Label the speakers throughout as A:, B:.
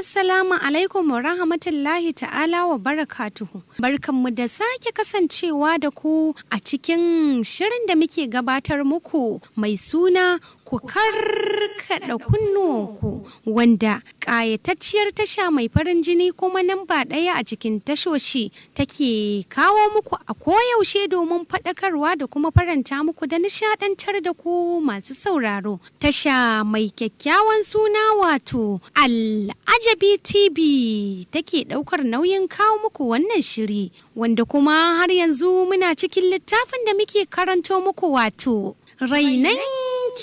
A: Assalamu alaikum wa rahmatullahi ta'ala wa barakatuhu. Barkanmu da sake kasancewa da ku a cikin shirin da muke gabatar muku mai suna ku karkada kunnuwanku wanda ƙayatacciyar tasha mai farin jini kuma nan ba ɗaya a cikin tashoshi take kawo muku a koyaushe domin faɗakarwa da kuma faranta muku da nishaɗantar da ku masu sauraro. Tasha mai kyakkyawan suna wato Al'ajabi TV take ɗaukar nauyin kawo muku wannan shiri wanda kuma har yanzu muna cikin littafin da muke karanto muku wato. Rainan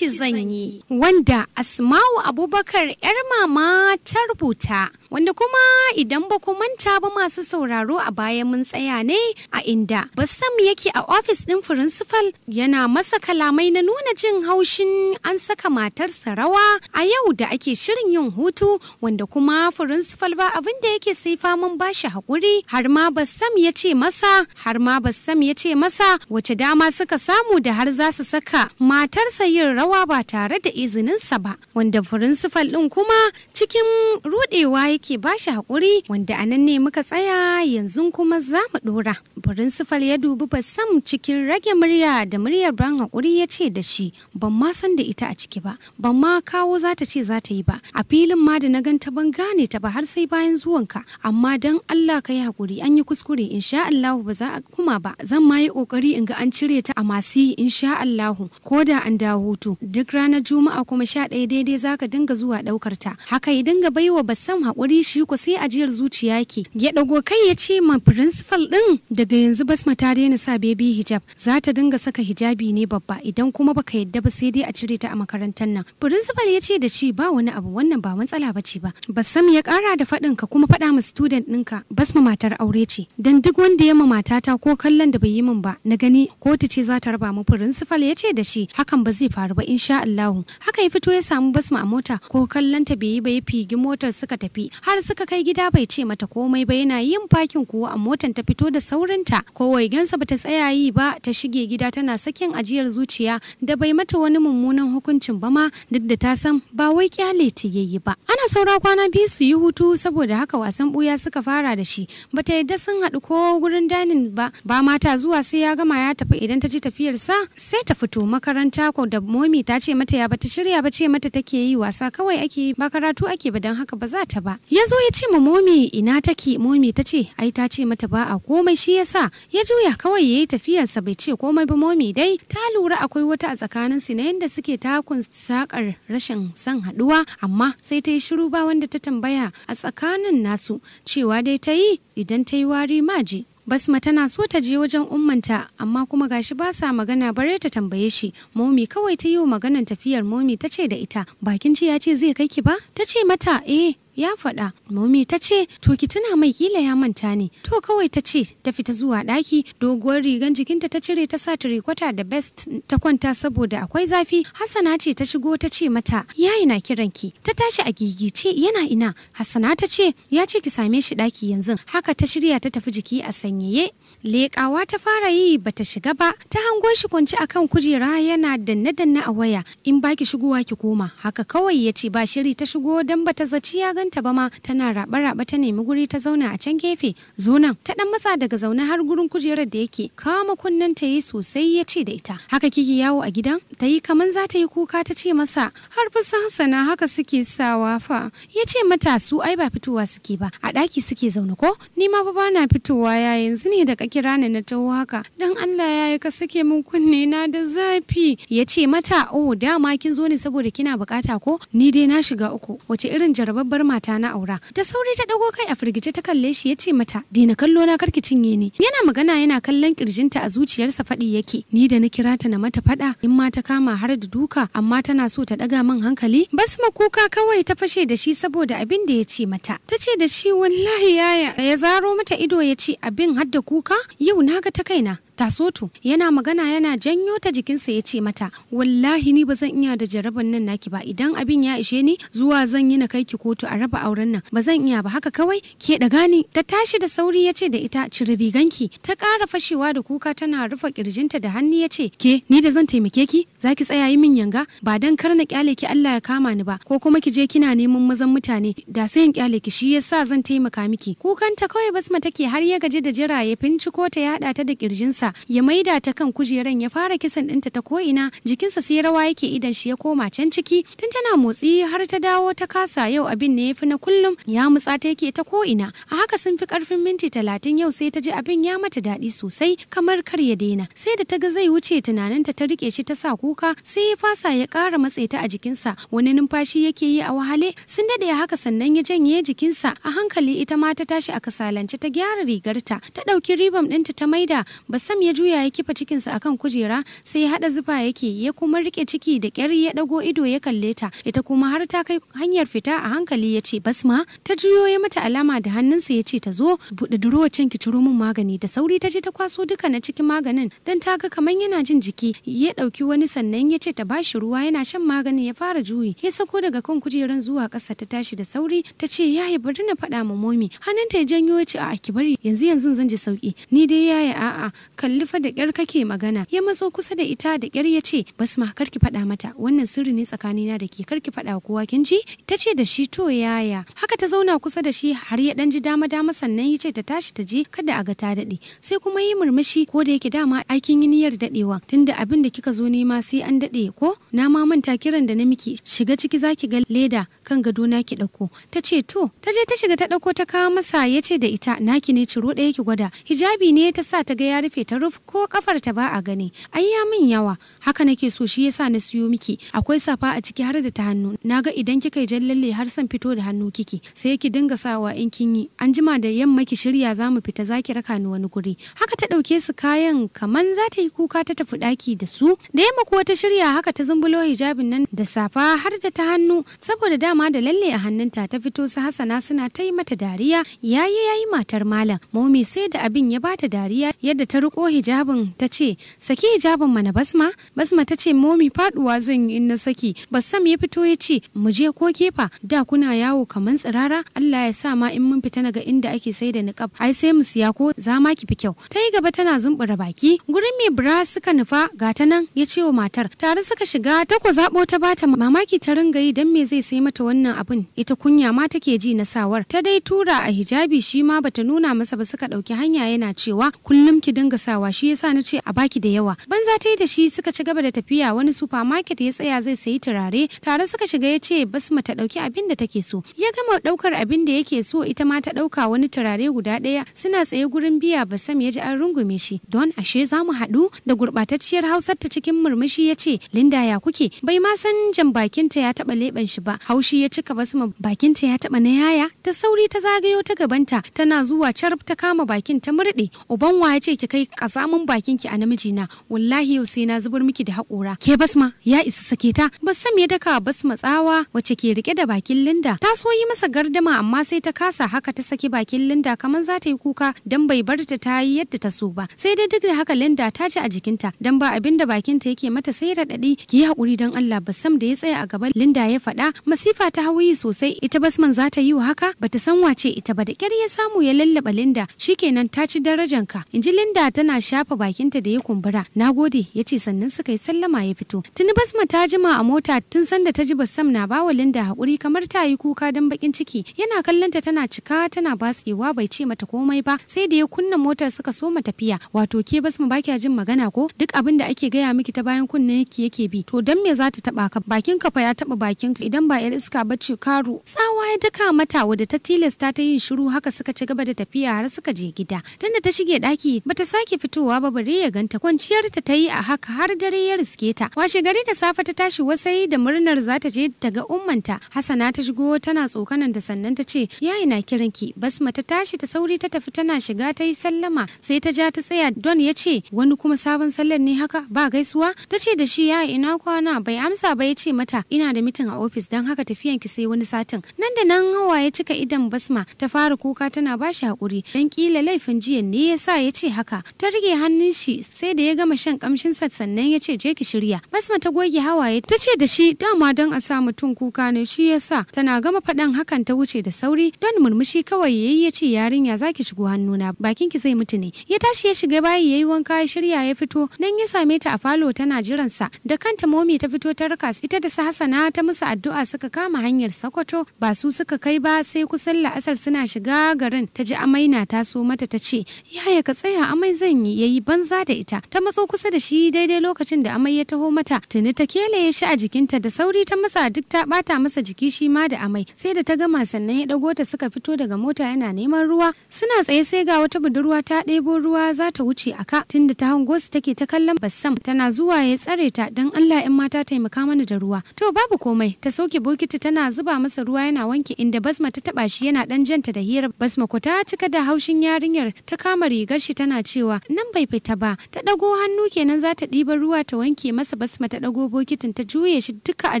A: zan yi wanda Asma'u Abubakar 'yar mama ta rubuta Wanda kuma idan ba ku manta ba masu sauraro a baya mun tsaya ne a inda Bassam yake a ofis ɗin firinsifal yana masa kalamai na nuna jin haushin an saka matarsa rawa a yau da ake shirin yin hutu wanda kuma firinsifal ba abin da yake sai faman bashi haƙuri har ma Bassam ya ce masa har ma Bassam ya ce masa wace dama suka samu da har za su saka matarsa yin rawa ba tare da izininsa ba wanda firinsifal ɗin kuma cikin ruɗewa yake ba shi haƙuri wanda a nan ne muka tsaya yanzu kuma za mu ɗora. Firinsifal ya dubi basam cikin rage murya da muryar ban hakuri ya ce da shi ban ma san da ita a ciki ba ban ma kawo za ta ce za ta yi ba a filin ma da na ganta ban gane ta ba har sai bayan zuwanka amma dan Allah ka yi hakuri an yi kuskure sha Allahu ba za a kuma ba zan ma yi ƙoƙari in ga an cire ta a masu yi sha Allahu ko da an dawo hutu duk ranar juma'a kuma sha ɗaya daidai za ka dinga zuwa ɗaukar ta haka ya dinga baiwa basam hakuri? haƙuri shi ko sai ajiyar zuciya ke ya dago kai ya ce ma principal ɗin daga yanzu basma ta daina sa baby hijab za ta dinga saka hijabi ne babba idan kuma baka yadda ba sai dai a cire ta a makarantar nan principal ya ce da shi ba wani abu wannan ba matsala ba ce ba basam ya kara da faɗin ka kuma faɗa ma student ɗinka basma matar aure ce dan duk wanda ya ma matata ko kallon da bai yi min ba na gani kotu ce za ta raba mu principal ya ce da shi hakan ba zai faru ba insha Allah haka ya fito ya samu basma a mota ko kallon ta bai yi ba ya figi motar suka tafi har suka kai gida bai ce mata komai ba yana yin fakin kuwa a motan ta fito da saurinta kowai gansa bata tsaya yi ba ta shige gida tana sakin ajiyar zuciya da bai mata wani mummunan hukuncin ba ma duk da ta san ba wai kyale ta yayi ba ana saura kwana biyu su yi hutu saboda haka wasan buya suka fara da shi bata yadda sun haɗu ko gurin danin ba ba mata zuwa sai ya gama ya tafi idan ta tafiyar sa sai ta fito makaranta ko da momi ta ce mata ya bata shirya ba ce mata take yi wasa kawai ake ba karatu ake ba don haka ba za ta ba ya zo ya ce ma momi ina take momi ta ce ai ta ce mata ba a komai shi yasa ya juya kawai ya yi tafiyarsa bai ce komai ba momi dai ta lura akwai wata a tsakanin su na yadda suke takun sakar rashin son haduwa amma sai ta yi shiru ba wanda ta tambaya a tsakanin nasu cewa dai ta yi idan ta yi wari maji Basma tana so ta je wajen ummanta amma kuma gashi ba sa magana bare ta tambaye shi. Momi kawai ta yi wa maganan tafiyar Momi ta ce da ita bakin ci ya ce zai kai ki ba? Ta ce mata eh ya faɗa momi ta ce to ki tuna mai kila ya manta ne to kawai ta ce ta fita zuwa ɗaki doguwar rigan jikinta ta cire ta sa turikwata da best ta kwanta saboda akwai zafi hassana ce ta shigo ta ce mata yayi na kiranki ta tashi a gigice yana ina hassana ta ce ya ce ki same shi ɗaki yanzu haka ta shirya ta tafi jiki a sanyaye leƙawa ta fara yi bata shiga ba ta hango shi kwanci kan kujera yana danne danne a waya in baki shigowa ki koma haka kawai ya ce ba shiri ta shigo dan ta zaci ya ganta ba ma tana raba raba ta nemi guri ta zauna a can gefe zonan ta dan matsa daga zaune har gurin kujerar da yake kama kunnen ta yi sosai ya ce da ita haka kiki yawo a gidan ta yi kaman za ta yi kuka ta ce masa har fi sana haka suke sawa fa ya ce mata su ai ba fitowa suke ba a ɗaki suke zaune ko ni ma ba bana fitowa ya yanzu ne da kake kira ni na taho haka dan Allah ya yi ka sake min kunne na da zafi ya ce mata oh dama kin zo ne saboda kina bukata ko ni dai na shiga uku wace irin jarababbar mata na aura ta sauri ta dago kai a firgice ta kalle shi ya ce mata dai na kallo na karki cinye ni yana magana yana kallon kirjinta a zuciyarsa faɗi yake ni da na kira ta na mata faɗa in ma ta kama har da duka amma tana so ta ɗaga min hankali bas ma kuka kawai ta fashe da shi saboda abin da ya ce mata ta ce da shi wallahi yaya ya zaro mata ido ya ce abin hadda kuka Yau na ga ta kaina taso yana magana yana janyo ta jikinsa ya ce mata wallahi ni ba zan iya da jaraban nan naki ba idan abin ya ishe ni zuwa zan yi na kai ki kotu a raba auren nan ba zan iya ba haka kawai ke da gani ta tashi da sauri ya ce da ita cire riganki ta kara fashewa da kuka tana rufe kirjinta da hannu ya ce ke ni da zan taimake ki za ki tsaya yi min yanga ba dan kar na kyale ki Allah ya kama ni ba ko kuma ki je kina neman mazan mutane da sai in kyale ki shi yasa zan taimaka miki kukanta kawai basma take har ya gaji da jira ya ko ta ya ta da kirjinsa ya maida ta kan kujeran ya fara kisan dinta ta ko'ina jikinsa sai rawa yake idan shi ya koma can ciki tun tana motsi har ta dawo ta kasa yau abin ne ya fi na kullum ya mutsa ta yake ta ko'ina a haka sun fi karfin minti talatin yau sai ta ji abin ya mata daɗi sosai kamar kar ya daina sai da ta ga zai wuce tunaninta ta rike shi ta sa kuka sai ya fasa ya kara matse ta a jikinsa wani numfashi yake yi a wahale sun daɗe haka sannan ya janye jikinsa a hankali ita ma ta tashi a kasalance ta gyara rigarta ta ɗauki ribam ɗinta ta maida ba Sam ya juya ya kifa cikinsa akan kujera sai ya haɗa zufa yake ya kuma rike ciki da ƙyar ya dago ido ya kalle ta ita kuma har ta kai hanyar fita a hankali ya ce basma ta juyo ya mata alama da hannunsa ya ce ta zo buɗe durowacin ki ciro min magani da sauri ta je ta kwaso duka na cikin maganin dan ta ga kamar yana jin jiki ya ɗauki wani sannan ya ce ta bashi ruwa yana shan maganin ya fara juyi ya sako daga kan kujeran zuwa ƙasa ta tashi da sauri ta ce yi bari na faɗa ma momi hannunta ya janyo ya ce a'a ki bari yanzu yanzu zan ji sauki ni dai yaya a'a kalli fa da ƙyar kake magana ya matso kusa da ita da ƙyar ya ce basma kar ki faɗa mata wannan sirri ne tsakanina da ke kar ki faɗa kowa kin ji ta ce da shi to yaya haka ta zauna kusa da shi har ya ɗan ji dama dama sannan ya ce ta tashi ta je kada a ga ta daɗe sai kuma yi murmushi ko da yake dama aikin yi niyyar daɗewa tunda abin da kika zo nema sai an daɗe ko na ma manta kiran da na miki shiga ciki zaki ga leda kan gado na ki ɗauko ta ce to ta je ta shiga ta ɗauko ta kawo masa ya ce da ita naki ne ciro ɗaya ki gwada hijabi ne ta sa ta ga ya rufe ta rufe ko kafar ta ba a gani ai ya min yawa haka nake so shi yasa na siyo miki akwai safa a ciki har da ta hannu naga idan kika yi jallalle har san fito da hannu kiki sai ki dinga sawa in kin yi an jima da yamma ki shirya za mu fita za ki raka ni wani guri haka ta ɗauke su kayan kaman za ta yi kuka ta tafi daki da su da yamma kuwa ta shirya haka ta zumbulo hijabin nan da safa har da ta hannu saboda dama dama da lalle a hannunta ta fito su hasana suna ta yi mata dariya yayi yayi matar malam momi sai da abin ya bata dariya yadda ta riko hijabin ta ce saki hijabin mana basma basma ta ce momi faduwa zan yi in na saki basam ya fito ya ce mu je ko kefa da kuna yawo kamar tsirara Allah ya sa ma in mun fita naga inda ake sai da niqab ai sai mu siya ko za ma ki fi kyau ta yi gaba tana zumbura baki gurin mai bra suka nufa ga ta nan ya ce wa matar tare suka shiga ta ko zabo ta bata mamaki ta ringa yi dan me zai sai mata wannan abin ita kunya ma take ji na sawar ta dai tura a hijabi shi ma bata nuna masa ba suka dauki hanya yana cewa kullum ki dinga sawa shi yasa na ce a baki da yawa banza ta yi da shi suka ci gaba da tafiya wani supermarket ya tsaya zai sayi turare tare suka shiga ya ce basma ta dauki abin da take so ya gama daukar abin da yake so ita ma ta dauka wani turare guda daya suna tsaye gurin biya basam ya ji an rungume shi don ashe za mu haɗu da gurɓatacciyar hausar ta cikin murmushi ya ce linda ya kuke bai ma san jan bakinta ya taɓa leɓen shi ba haushi shi ya cika basma bakinta ya taba na yaya ta sauri ta zagayo ta gabanta tana zuwa carab ta kama bakin ta murɗe uban wa ya ce ki kai kasamin bakin ki a namiji na wallahi yau sai na zubar miki da haƙora ke basma ya isa sake ta basam ya daka basma tsawa wace ke rike da bakin linda ta so yi masa gardama amma sai ta kasa haka ta saki bakin linda kamar za ta yi kuka dan bai bar ta ta yi yadda ta so ba sai dai duk da haka linda ta ji a jikinta dan ba abinda bakin ta yake mata sai radadi ki yi haƙuri don Allah basam da ya tsaya a gaban linda ya faɗa masifa Matsa ta hawaye sosai ita basman za ta yi wa haka bata san wace ita ba da kyar ya samu ya lallaba Linda shi kenan ta ci darajan ka. Inji Linda tana shafa bakinta da ya kumbura. na gode ya ce sannan suka yi sallama ya fito. Tuni basma ta jima a mota tun san da ta ji basam na bawa Linda hakuri kamar ta yi kuka don bakin ciki. Yana kallonta tana cika tana batsewa bai ce mata komai ba sai da ya kunna motar suka soma tafiya. Wato ke basma ba kya jin magana ko duk abin da ake gaya miki ta bayan kunnen yake yake bi. To dan me za ta taba ka bakin ka fa ya taba bakin idan ba yar iska iska ba ce karu tsawa ya daka mata wadda ta tilasta ta yin shiru haka suka ci gaba da tafiya har suka je gida tunda ta shige daki bata sake fitowa ba bare ya ganta kwanciyar ta yi a haka har dare ya riske ta washe gari da safe ta tashi wasai da murnar za ta je ta ga ummanta hasana ta shigo tana tsokanan da sannan ta ce yayi na kiranki basma ta tashi ta sauri ta tafi tana shiga ta yi sallama sai ta ja ta tsaya don ya ce wani kuma sabon sallan ne haka ba gaisuwa ta ce da shi ya ina kwana bai amsa ba ya ce mata ina da mitin a ofis don haka tafi lafiyan ki sai wani satin nan da nan hawa ya cika idan basma ta fara kuka tana ba shi hakuri dan kila laifin jiya ne yasa ya ce haka ta rige hannun shi sai da ya gama shan kamshin sa sannan ya ce je ki shirya basma ta goge hawaye ta ce da shi dama don a sa mutum kuka ne shi yasa tana gama faɗan hakan ta wuce da sauri don murmushi kawai yayi ya ce yarinya zaki shigo hannuna bakin ki zai mutu ne ya tashi ya shiga bayi yayi wanka ya shirya ya fito nan ya same ta a falo tana jiransa da kanta momi ta fito ta raka ita da sa hasana ta musu addu'a suka kama kama hanyar Sokoto ba su suka kai ba sai kusan la'asar suna shiga garin ta ji amai na taso mata ta ce yaya ka tsaya amai zan yi yayi banza da ita ta matso kusa da shi daidai lokacin da amai ya taho mata tuni ta keleye shi a jikinta da sauri ta masa duk ta bata masa jiki shi ma da amai sai da ta gama sannan ya dago ta suka fito daga mota yana neman ruwa suna tsaye sai ga wata budurwa ta ɗebo ruwa za ta wuce a ka tunda ta hango su take ta kallon bassam tana zuwa ya tsare ta don Allah 'yan mata taimaka mana da ruwa to babu komai ta soke bokiti Talatu tana zuba masa ruwa yana wanke inda Basma ta taba shi yana dan janta da hirar Basma ko ta cika da haushin yarinyar ta kama rigar shi tana cewa nan bai fita ba ta dago hannu kenan za ta ɗiba ruwa ta wanke masa Basma ta dago bokitin ta juye shi duka a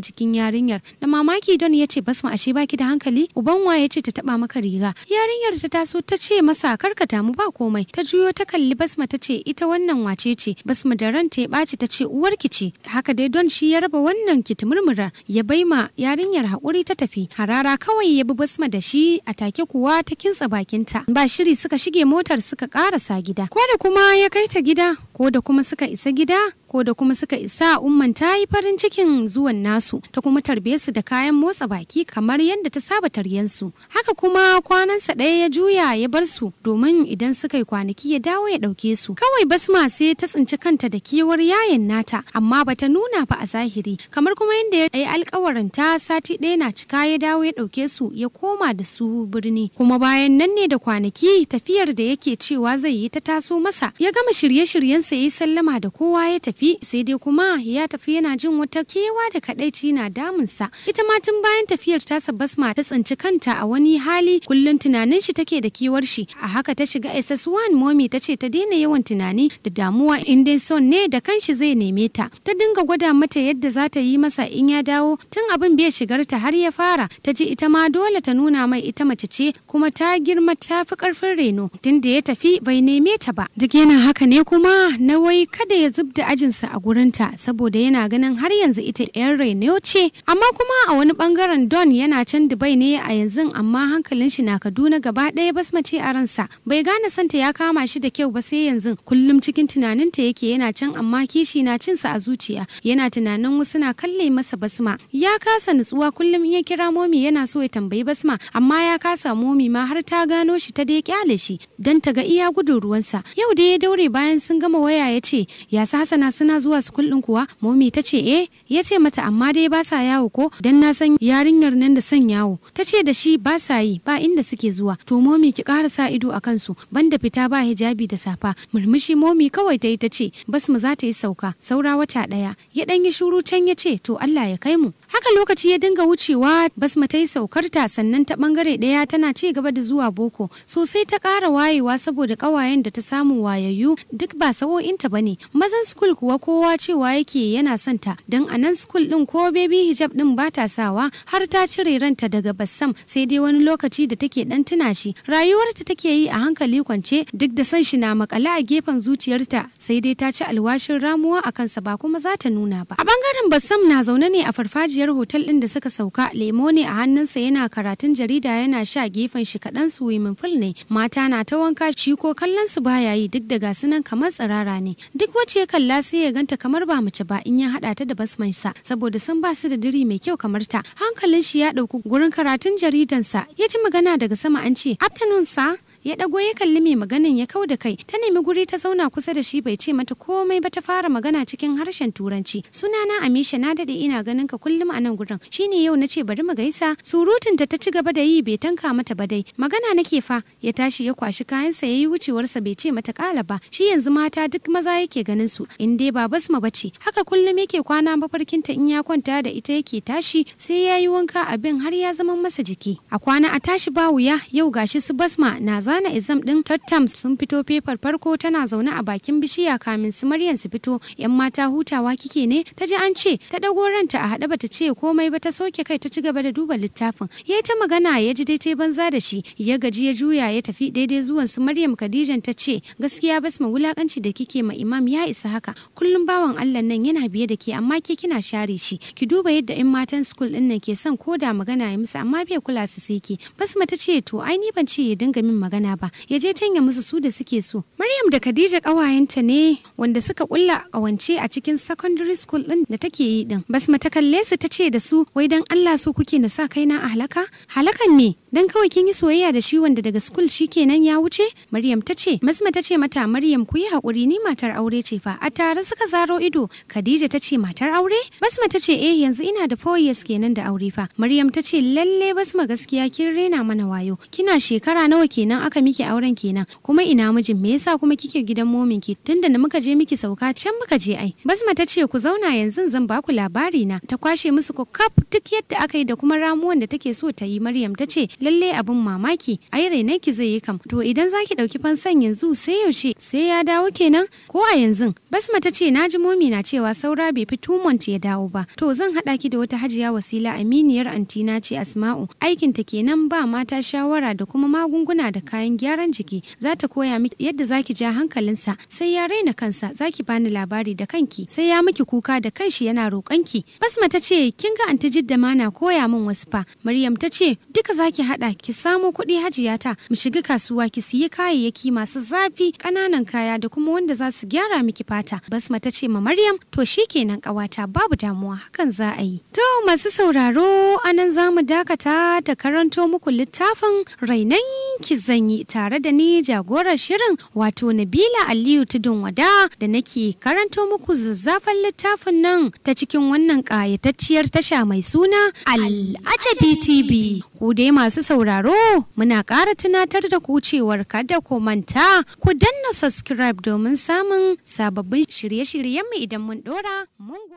A: jikin yarinyar da mamaki don ya ce Basma ashe baki da hankali uban wa ya ce ta taba maka riga yarinyar ta taso ta ce masa karka mu ba komai ta juyo ta kalli Basma ta ce ita wannan wace ce Basma da ta ya ɓaci ta ce uwarki ce haka dai don shi ya raba wannan kitimurmura ya bai ma yarinyar hakuri ta tafi harara kawai ya bi basma da shi a take kuwa ta kintsa bakinta ba shiri suka shige motar suka ƙarasa gida ko da kuma ya kai ta gida ko da kuma suka isa gida ko da kuma suka isa umman ta yi farin cikin zuwan nasu ta kuma tarbe su da kayan motsa baki kamar yadda ta saba taryensu haka kuma kwanansa ɗaya ya juya ya bar su domin idan suka yi kwanaki ya dawo ya ɗauke su kawai basma sai ta tsinci kanta da kewar yayin nata amma bata nuna ba a zahiri kamar kuma yadda ya yi alkawarin ta sati ɗaya na cika ya dawo ya ɗauke su ya koma da su birni kuma bayan nan ne da kwanaki tafiyar da yake cewa zai yi ta taso masa ya gama shirye-shiryensa ya yi sallama da kowa ya tafi sai dai kuma ya tafi yana jin wata kewa da kaɗaici na damunsa ita ma tun bayan tafiyar ta tasa basma ta tsinci kanta a wani hali kullum tunanin shi take da kewar shi a haka ta shiga ss1 momi ta ce ta daina yawan tunani da damuwa in dai son ne da kanshi zai neme ta ta dinga gwada mata yadda za ta yi masa in ya dawo tun abin bai shigar ƙirjinta har ya fara ta ji ita ma dole ta nuna mai ita mace ce kuma ta girma ta fi karfin reno tun da ya tafi bai neme ta ba duk yana haka ne kuma na wai kada ya zubda ajinsa a gurinta saboda yana ganin har yanzu ita 'yan reno ce amma kuma a wani bangaren don yana can dubai ne a yanzu amma hankalin shi na kaduna gaba ɗaya bas mace a ransa bai gane santa ya kama shi da kyau ba sai yanzu kullum cikin tunaninta yake yana can amma kishi na cinsa a zuciya yana tunanin wasu na kalle masa basma ya kasa nutsuwa kullum iya kira momi yana so ya tambayi basma amma ya kasa momi ma har ta gano shi ta dai kyale shi don ta ga iya gudun ruwansa yau dai ya daure bayan sun gama waya ya ce ya sa hasana suna zuwa su kullum kuwa momi ta ce eh ya ce mata amma dai ba sa yawo ko dan na san yarinyar nan da son yawo ta ce da shi ba sa yi ba inda suke zuwa to momi ki ƙara sa ido a kansu banda fita ba hijabi da safa murmushi momi kawai ta yi ta ce basma za ta yi sauka saura wata ɗaya ya ɗan yi shuru can ya ce to Allah ya kai mu Haka lokaci ya dinga wucewa basma ta yi saukarta sannan ta bangare ɗaya tana ci gaba da zuwa boko sosai ta ƙara wayewa saboda ƙawayen da ta samu wayayyu duk ba sa'o'inta ne Mazan skul kuwa kowa cewa yake yana son ta don a nan skul ɗin ko bebi hijab ɗin ba ta sawa har ta cire ranta daga bassam sai dai wani lokaci da take ɗan tuna shi. Rayuwarta take yi a hankali kwance duk da san shi na makale a gefen zuciyarta sai dai ta ci alwashin ramuwa a kansa ba kuma za ta nuna ba. A bangaren bassam na zaune ne a farfajiyar manajar hotel ɗin da suka sauka lemo ne a hannunsa yana karatun jarida yana sha gefen shi kaɗan su pool ne mata na ta wanka shi ko kallon su baya yi duk da gasu nan kamar tsirara ne duk wacce ya kalla sai ya ganta kamar ba mace ba in ya haɗa ta da basman sa saboda sun ba su da diri mai kyau kamar ta hankalin shi ya ɗauki gurin karatun jaridansa ya ji magana daga sama an ce afternoon sa ya dago ya kalli mai maganin ya kau da kai ta nemi guri ta zauna kusa da shi bai ce mata komai ba ta fara magana cikin harshen turanci suna na Amisha na dade ina ganin ka kullum a nan gurin shine yau na ce bari mu gaisa surutun ta ta ci gaba da yi bai tanka mata ba dai magana nake fa ya tashi ya kwashi kayansa yayi wucewarsa bai ce mata kala ba shi yanzu mata duk maza yake ganin su in dai ba basma bace haka kullum yake kwana mafarkinta in ya kwanta da ita yake tashi sai yayi wanka abin har ya zama masa jiki a kwana a tashi ba wuya yau gashi su basma na za rana exam din tattam sun fito fefar farko tana zaune a bakin bishiya kamin su maryam su fito yan mata hutawa kike ne ta ji an ce ta dago ranta a hada bata ce komai ba ta soke kai ta ci gaba da duba littafin yayi ta magana ya ji dai ta banza da shi ya gaji ya juya ya tafi daidai zuwan su maryam khadijan ta ce gaskiya basma wulakanci da kike ma imam ya isa haka kullum bawan allah nan yana biye da ke amma ke kina share shi ki duba yadda 'yan matan school din nan ke son koda magana ya musu amma bai kula su sai ki basma ta ce to ai ni ban ce ya dinga min magana magana ba ya je canya musu su da suke so maryam da khadija kawayenta ne wanda suka kulla kawance a cikin secondary school ɗin da take yi ɗin basma ta kalle su ta ce da su wai dan allah so kuke na sa kai na a halaka halakan me dan kawai kin yi soyayya da shi wanda daga school kenan ya wuce maryam ta ce basma ta ce mata maryam ku yi hakuri ni matar aure ce fa a tare suka zaro ido khadija ta ce matar aure basma ta ce eh yanzu ina da four years kenan da aure fa maryam ta ce lalle basma gaskiya kin rena mana wayo kina shekara nawa kenan aka miki auren kenan kuma ina mijin me yasa kuma kike gidan momin ki tunda na muka je miki sauka can muka je ai basma ta ce ku zauna yanzu zan ba ku labari na ta kwashe musu ko kap duk yadda aka yi da kuma ramuwan da take so ta yi Maryam ta ce lalle abin mamaki ai rainai ki zai yi kam to idan zaki dauki fansan yanzu sai yaushe sai ya dawo kenan ko a yanzu basma ta ce naji momi na cewa saura bai fi tumont ya dawo ba to zan hada ki da wata hajiya wasila aminiyar antina ce asma'u aikinta kenan ba mata shawara da kuma magunguna da kayan gyaran jiki za ta koya miki yadda zaki ja hankalinsa sai ya raina kansa zaki bani labari da kanki sai ya miki kuka da kanshi yana roƙonki basma ta ce kin ga anti jidda ma na koya min wasu fa maryam ta ce duka zaki haɗa ki samo kuɗi hajiyata mu shiga kasuwa ki siyi kayayyaki masu zafi ƙananan kaya da kuma wanda za su gyara miki fata basma ta ce ma maryam to shi kenan ƙawata babu damuwa hakan za a yi to masu sauraro anan za mu dakata ta karanto muku littafin rainan zan yi tare da ni jagorar shirin wato Nabila Aliyu Tudun Wada da nake karanto muku zazzafan littafin nan ta cikin wannan ƙayatacciyar tasha mai suna Al'ajabi TV. Ku dai masu sauraro muna ƙara tunatar da ku cewar kada ku manta ku danna subscribe domin samun sababbin shirye-shiryenmu idan mun ɗora. Mun